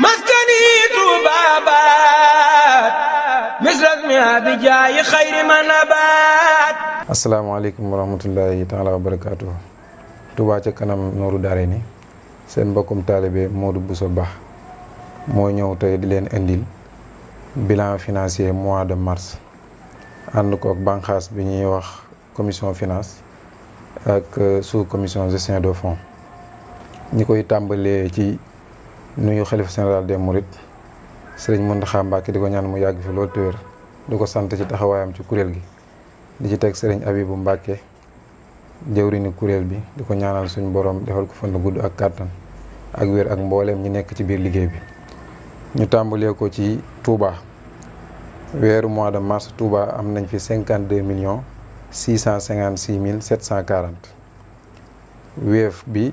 maskani Tuubaa baat misras mi abijaayi xayri man abaat asalaamaaleykum wa rahmatullahi wa barakaatu Tuubaa ca kanam nooru daare ni seen mbokkum taalibe Modou Bousso Ba moo ñëw tey di leen indil bilan financier mois de mars ànd kook banqaas bi ñuy wax commission finance ak sous commission gestion de fonds ñi koy tàmbalee ci nuyu xalifa général des Mourides sëriñ Mountakha Mbacké di ko ñaan mu yàgg fi loolu te di ko sant ci taxawaayam ci kuréel gi di ci teg sëriñ Abibou Mbacké jëwriñu kuréel bi di ko ñaanal suñu borom defal ko fan gudd ak kàttan ak wér ak mbooleem ñi nekk ci biir liggéey bi ñu tàmbalee ko ci Touba weeru mois de mars Touba am nañ fi cinquante deux millions six cent cinquante six mille sept cent quarante wéef bi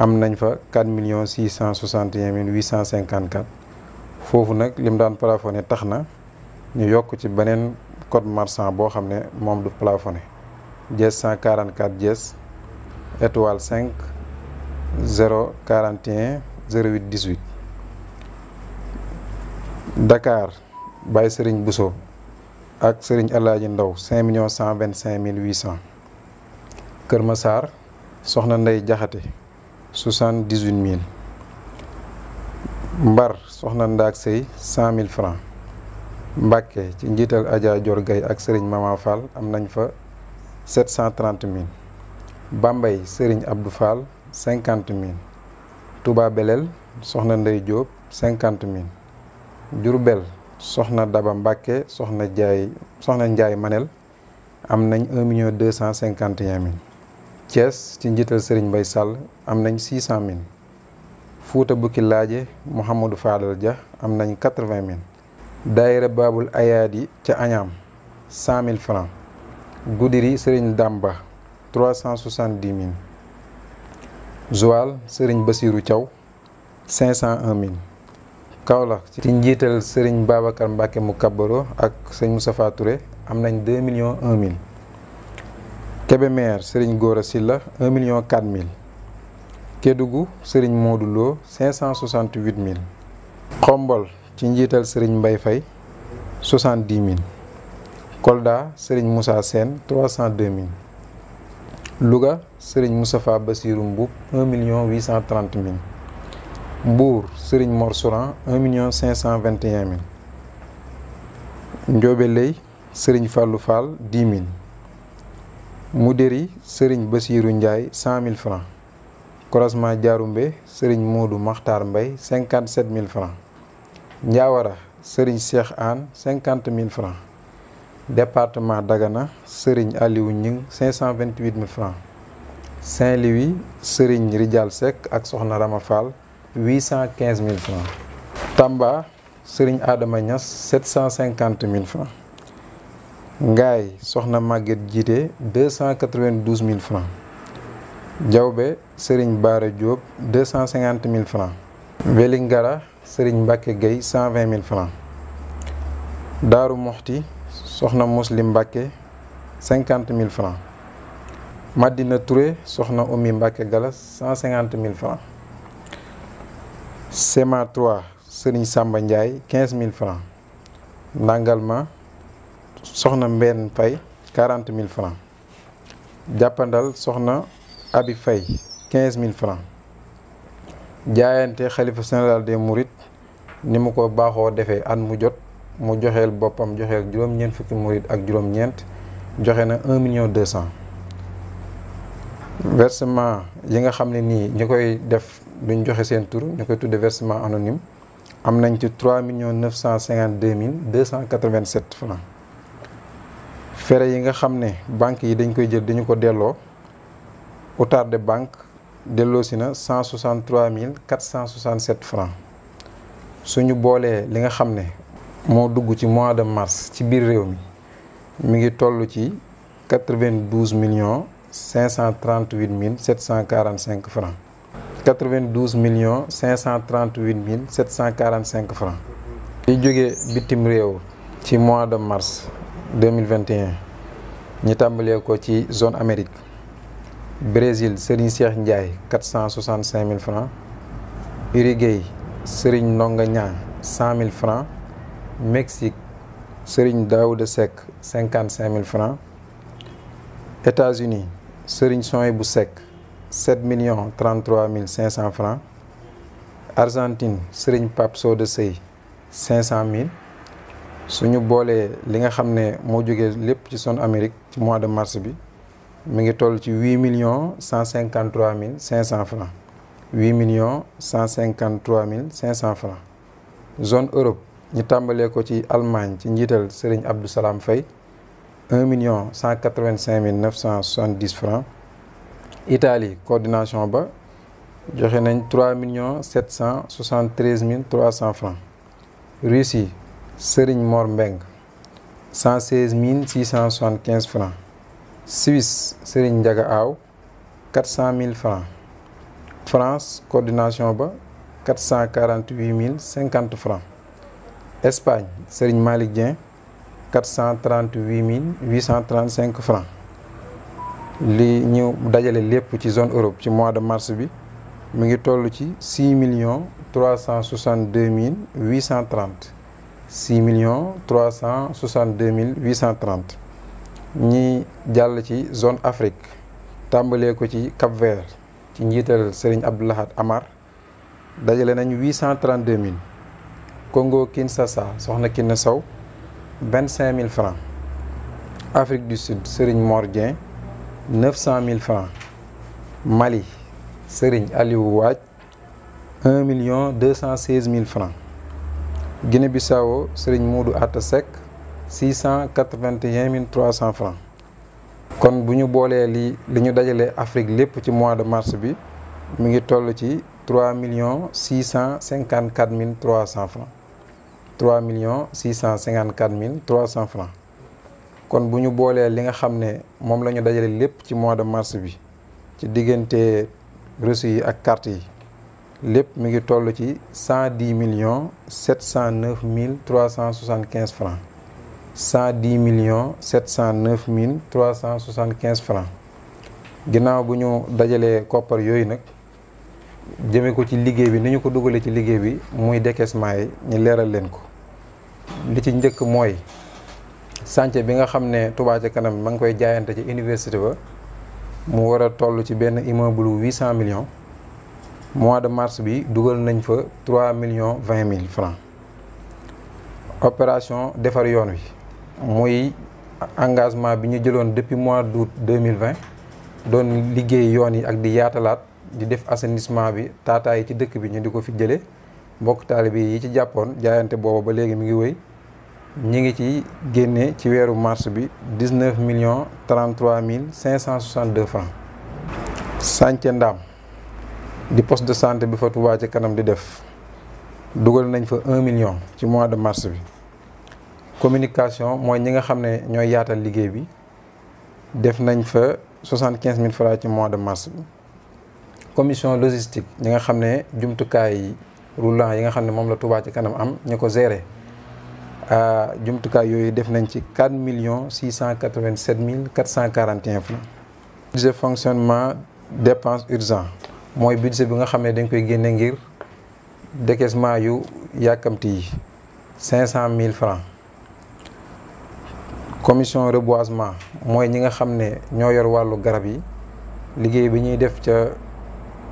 am nañ fa million 4 millions 661 mille 854 foofu nag lim daan plafonné tax na ñu yokk ci beneen code marchand boo xam ne moom du plafonné dièse 144 dièse étoile 5 0 41 08 18 Dakar Baye Serigne Bousso ak Serigne Alaaji Ndaw 5 millions 125 mille 800 Kër Massar Soxna Ndey Jaxate soixante-dix-huit mille Mbar soxna Ndaak Sey cent mille francs Mbàkke ci njiital Adja Dior ak Serigne Mama am nañ fa sept cent trente mille Bambey Serigne Abdou Fall cinquante mille Touba soxna Ndey Diop cinquante mille Diourbel soxna Daba Mbàkke soxna Jaay soxna Njaay Manel am nañ un million deux cent cinquante et un Thiès ci njiital Serigne Mbaye Sall am nañ six cent mille Fouta Bukki Laaje Mouhamadou Fadal Dia am nañ quatre vingt mille daayira Baabul Ayaadi ca añam cent mille francs Goudiri Serigne Damba trois cent soixante dix mille Joal Serigne Bassirou Thiaw cinq cent un mille Kaolack ci njiital Serigne Babacar Mbacke mu Kabaro ak sëñ Moustapha Touré am nañ deux millions un mille Kébémer Serigne Gora Sylla 1 million 4 mille Kédougou Serigne Modou Lo 568 mille Xombol ci njiital Serigne Mbaye Faye 70 mille Kolda Serigne Moussa Sène 302 mille Louga Serigne Moustapha Bassirou Mboup 1 million mille Mbour Serigne Mor Souran 1 million 521 mille Ndiobé Leye Serigne Fallou Fall 10 mille Moudiri Serigne Bassirou Ndiaye cent mille francs croisement Diaroumbe Serigne Modou Makhtar mbay cinquante sept mille francs Ndiawara Serigne Cheikh Anne cinquante mille francs département Dagana Serigne Aliou Ñing cinq cent vingt huit mille francs Saint-Louis Serigne Rijal Seck ak Soxna Rama Fall huit cent Tamba Serigne aadama Niass cent cinquante mille francs Ngaay soxna Maguette jiite deux cent quatre-vingt-douze mille francs Diawbe Serigne Bara Diop deux cent cinquante mille francs Vélingara Serigne Mbacke Gueye cent vingt mille francs Daaru Moxti soxna Muslim Mbacke cinquante mille francs Madina Touré soxna Oumy Mbacke Galas cent cinquante mille francs Sema 3 Serigne Samba Ndiaye quinze mille francs soxna mbenn Faye quarante mille francs jàppandal soxna Abi Faye quinze mille francs jaayante xalifa général des Mourides ni mu ko baaxoo defee at mu jot mu joxeel boppam joxeel juróom-ñeent fukki murit ak juróom-ñeent joxe na un million deux cent versement yi nga xam ne nii ñi koy def duñ joxe seen tur ñu koy tudde versement anonyme am nañ ci trois millions neuf cent cinquante deux mille deux cent quatre-vingt-sept francs fere yi nga xam ne banque yi dañ koy jël dañu ko delloo retard de banque delloo na cent soixante mille quatre cent soixante sept suñu boolee li nga xam ne moo dugg ci mois de mars ci biir réew mi mu ngi toll ci quatre vingt douze millions cinq cent mille sept cent quarante cinq francs quatre vingt douze millions cinq cent mille sept cent quarante cinq francs. li jógee bitim réew ci mois de mars. 2021 ñi tàmbalee ko ci zone Amérique Brésil Serigne Cheikh Ndiaye 465 000 francs Uruguay Serigne Ndonga Niang 100 000 francs Mexique Serigne Daouda Seck 55 000 francs États-Unis Serigne Souhaïbou Seck 7 millions 33 mille 500 francs Argentine Serigne Pape Soda Sey 500 000 suñu boolee li nga xam ne moo jógee lépp ci zone Amérique ci mois de mars bi mi ngi toll ci huit millions cent cinquante mille cinq cent francs huit millions cent cinquante mille cinq cent francs zone Europe ñu tàmbalee ko ci Allemagne ci njiital Serigne Abdou Salam Faye million cent quatre mille neuf cent soixante dix francs Italie coordination ba joxe nañ trois millions sept cent mille trois cent francs Russie Serigne Mor Mbeng cent seize mille six cent soixante quinze francs Suisse Serigne Ndiaga Aw quatre cent mille francs France coordination ba quatre cent quarante huit mille cinquante francs Espagne Serigne Malick Dieng quatre cent trente huit mille huit cent francs li ñu dajale lépp ci zone Europe ci mois de mars bi mu ngi toll ci six millions trois cent soixante deux mille six millions trois cent soixante deux mille huit cent ñi jàll ci zone Afrique tàmbalee ko ci Cap Vert ci njiital Serigne Abdou Lahad Amar dajale nañ huit cent trente deux mille Congo Kinshasa soxna Kiné Sow vingt mille francs Afrique du Sud Serigne Mor Dieng neuf cent mille francs Mali Serigne Aliou Waaj un million deux cent seize mille francs Guinée Bissau Serigne Moodu Atta Seck six cent quatre-vingt-un mille trois cents kon bu ñu boolee li li ñu dajalee Afrique lépp ci mois de mars bi mu ngi toll ci trois millions six cent cinquante-quatre mille trois cents francs trois millions six cent cinquante-quatre mille trois cents francs kon bu ñu boolee li nga xam ne moom la ñu dajale lépp ci mois de mars bi ci diggante reçu yi ak carte yi lépp mi ngi toll ci cent dix millions sept cent neuf mille trois cent soixante quinze francs cent dix millions sept cent neuf mille trois cent soixante quinze ginnaaw bu ñu dajalee koppar yooyu nag jëme ko ci liggéey bi ni ñu ko dugalee ci liggéey bi muy décaissement yi ñu leeral leen ko li ci njëkk mooy chantier bi nga xam ne Touba ca kanam ma ngi koy jaayante ci université ba mu war a toll ci benn immeuble huit cent millions mois de mars bi dugal nañ fa trois millions vingt mille francs opération defar yoon wi muy engagement bi ñu jëloon depuis mois d' août mille vingt doon liggéey yoon yi ak di yaatalaat di def assainissement bi taataayi ci dëkk bi ñu di ko fi jëlee mbokk taalibe yi ci jàppoon jaayante booba ba léegi mi ngi woy ñi ngi ci génne ci weeru mars bi dix neuf millions trente trois mille cinq cent soixante deux francs. Sànce Ndaam. di poste de santé bi fa Touba ci kanam di def dugal nañ fa un million ci mois de mars bi communication mooy ñi nga xam ne ñoo yaatal liggéey bi def nañ fa soixante quinze mille francs ci mois de mars bi commission logistique ñi nga xam ne jumtukaay roulant yi nga xam ne moom la Touba ci kanam am ñu ko gérer ah, jumtukaay yooyu def nañ ci quatre millions six cent quatre-vingt-sept mille quatre cent quarante et un francs budget fonctionnement dépense urgent mooy budget bi nga xam ne dañ koy génne ngir décaissement yu yàkkamti yi cinq cent mille francs commission reboisement mooy ñi nga xam ne ñoo yor wàllu garab yi liggéey bi ñuy def ca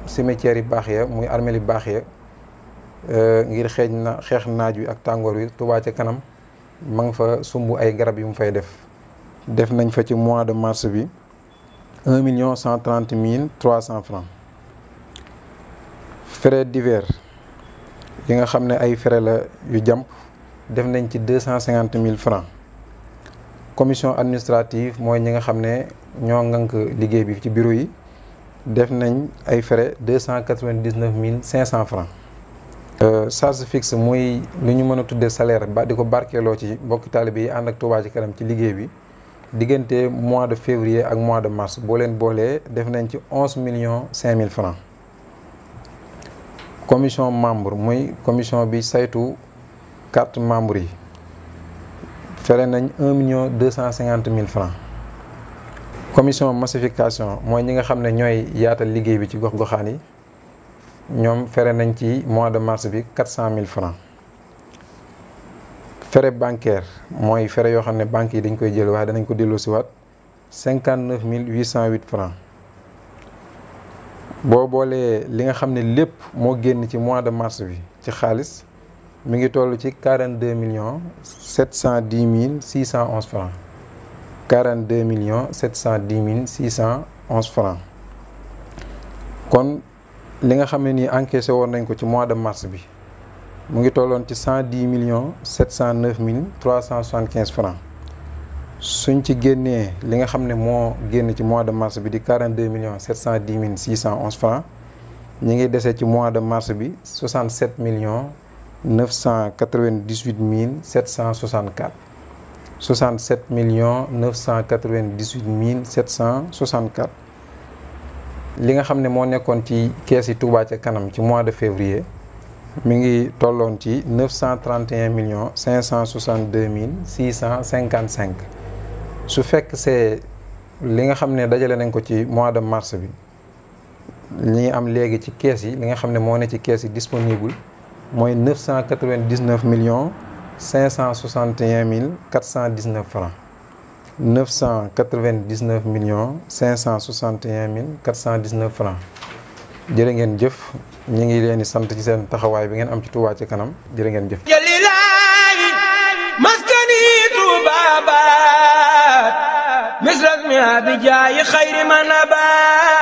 cimetière yi baax ya muy armeel yi baax ya euh, ngir xeej na xeex naaj wi ak tàngoor wi Touba ca kanam ma nga fa sumb ay garab yu mu fay def def nañ fa ci mois de mars bi un million cent trente mille trois cent francs frais divers yi nga xam ne ay frais la yu jàmp def nañ ci deux cent cinquante mille francs commission administrative mooy ñi nga xam ne ñoo ngank liggéey bi ci bureau yi def nañ ay frais deux cent quatre-vingt-dix-neuf mille cinq cent francs euh, charge fixe muy lu ñu mën a tuddee salaire ba di ko barkeeloo ci mbokk taalibe yi ànd ak Touba Ca Kanam ci liggéey bi diggante mois de février ak mois de mars boo leen boolee def nañ ci onze million cinq mille francs commission membre mooy commission bi saytu carte membre yi fere nañ un million deux cent cinquante mille francs commission massification mooy ñi nga xam ne ñooy yaatal liggéey bi ci gox-goxaan yi ñoom fere nañ ci mois de mars bi quatre cent mille francs fere bancaire mooy fere yoo xam ne banques yi dañ koy jël waaye danañ ko delloosiwaat cinquante neuf mille huit cent huit francs boo boolee li nga xam ne lépp moo génn ci mois de mars bi ci xaalis mi ngi toll ci quarante deux millions sept cent dix mille six cent onze francs quarante deux millions sept cent dix mille six cent onze francs kon li nga xam ne nii encaissé woon nañ ko ci mois de mars bi mu ngi tolloon ci cent dix millions sept cent neuf mille trois cent soixante quinze francs suñ ci génnee li nga xam ne moo génn ci mois de mars bi di 42 millions 710 mille 611 francs ñi ngi dese ci mois de mars bi 67 millions 998 mille 764 67 millions 998 mille 764 li nga xam ne moo nekkoon ci kees yi Touba ca kanam ci mois de février mi ngi tolloon ci 931 millions 562 mille 655 su fekk see li nga xam ne dajale nañ ko ci mois de mars bi ñi ngi am léegi ci kees yi li nga xam ne moo ne ci kees yi disponible mooy neuf cent quatre-vingt-dix-neuf millions cinq cent soixante et cent dix-neuf francs neuf cent quatre-vingt-dix-neuf cent soixante et un mille quatre cent dix-neuf francs jërë ngeen jëf ñu ngi leen di sant ci seen taxawaay bi ngeen am ci Touba ci kanam jërë ngeen jëf bi jaay xayri man abaa